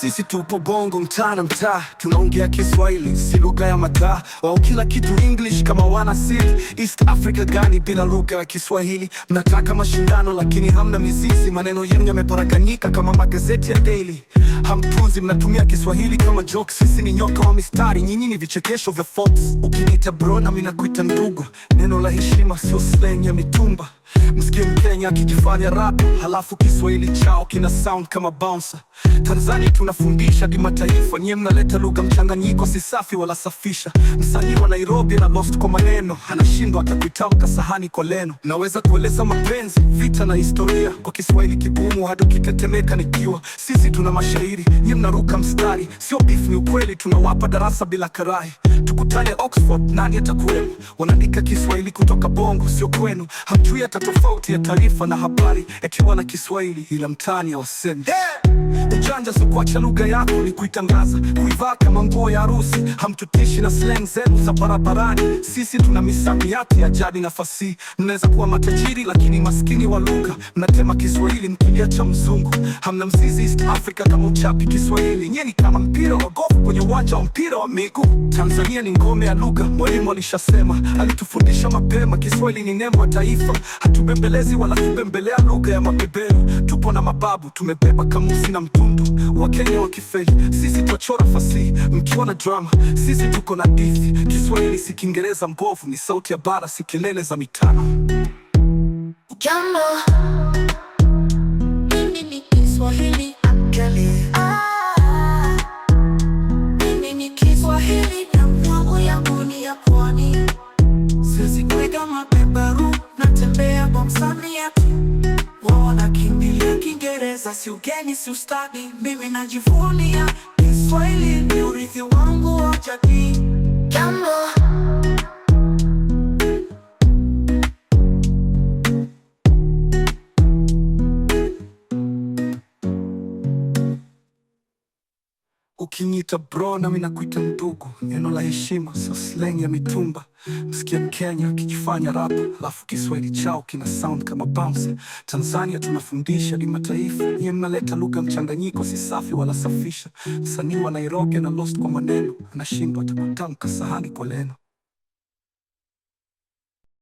Sisi tupo Bongo, mtaa na mtaa, tunaongea Kiswahili, si lugha ya mataa. Wao kila kitu English kama wana siri. East Africa gani bila lugha ya Kiswahili? Mnataka mashindano lakini hamna mizizi. Maneno yenu yameparaganyika kama magazeti ya daily. Hamtunzi, mnatumia Kiswahili kama joke. Sisi ni nyoka wa mistari, nyinyi ni vichekesho vya Fox. Ukiniita bro na mimi nakuita ndugu, neno la heshima, sio slang ya mitumba. Msikie Mkenya akijifanya rap, halafu Kiswahili chao kina sound kama bouncer. Tanzania tunafundisha kimataifa, nyie mnaleta lugha mchanganyiko, si safi wala safisha. Msanii wa Nairobi na lost kwa maneno, anashindwa hata kuitamka sahani kwa leno. Naweza kueleza mapenzi, vita na historia kwa Kiswahili kigumu hadi kikatemeka nikiwa. Sisi tuna mashairi, nyie mnaruka mstari, sio beef, ni ukweli tunawapa darasa bila karai Italia, Oxford, nani atakwenu? Wanaandika Kiswahili kutoka Bongo, sio kwenu. Hamjui hata tofauti ya taarifa na habari, eti wana Kiswahili ila mtaani hawasemi eh! Ujanja sio kuacha lugha yako, ni kuitangaza, kuivaa kama nguo ya harusi. Hamtutishi na slang zenu za barabarani. Sisi tuna misamiati ya jadi na fasihi. Mnaweza kuwa matajiri lakini maskini wa lugha. Mnatema Kiswahili mkiliacha mzungu. Hamna mzizi East Africa kama uchapi Kiswahili. Nyinyi kama mpira wa gofu kwenye uwanja wa mpira wa miguu. Tanzania ni ngome ya lugha. Mwalimu alishasema, alitufundisha mapema, Kiswahili ni nembo ya taifa. Hatubembelezi wala tubembelea lugha ya mabeberu. Tupo na mababu, tumebeba kamusi na mtundu. Wakenya wakifeli, sisi twachora fasihi, mkiwa na drama, sisi tuko na dithi Kiswahili si Kiingereza mbovu, ni sauti ya bara, si kelele za mitano. Napiga mabeberu, natembea bomsani yake, wao wanakimbilia Kiingereza, si ugeni, si ustadi, mimi najivunia Kiswahili, ni urithi wangu wa jadi Ukiniita bro nami nakuita ndugu, neno la heshima, sio slang ya mitumba. Msikia Mkenya akijifanya rapa, alafu Kiswahili chao kina sound kama bounce. Tanzania tunafundisha kimataifa, nyie mnaleta lugha mchanganyiko, si safi wala safisha. Msanii wa Nairobi ana lost kwa maneno, anashindwa hata kutamka sahani kwa leno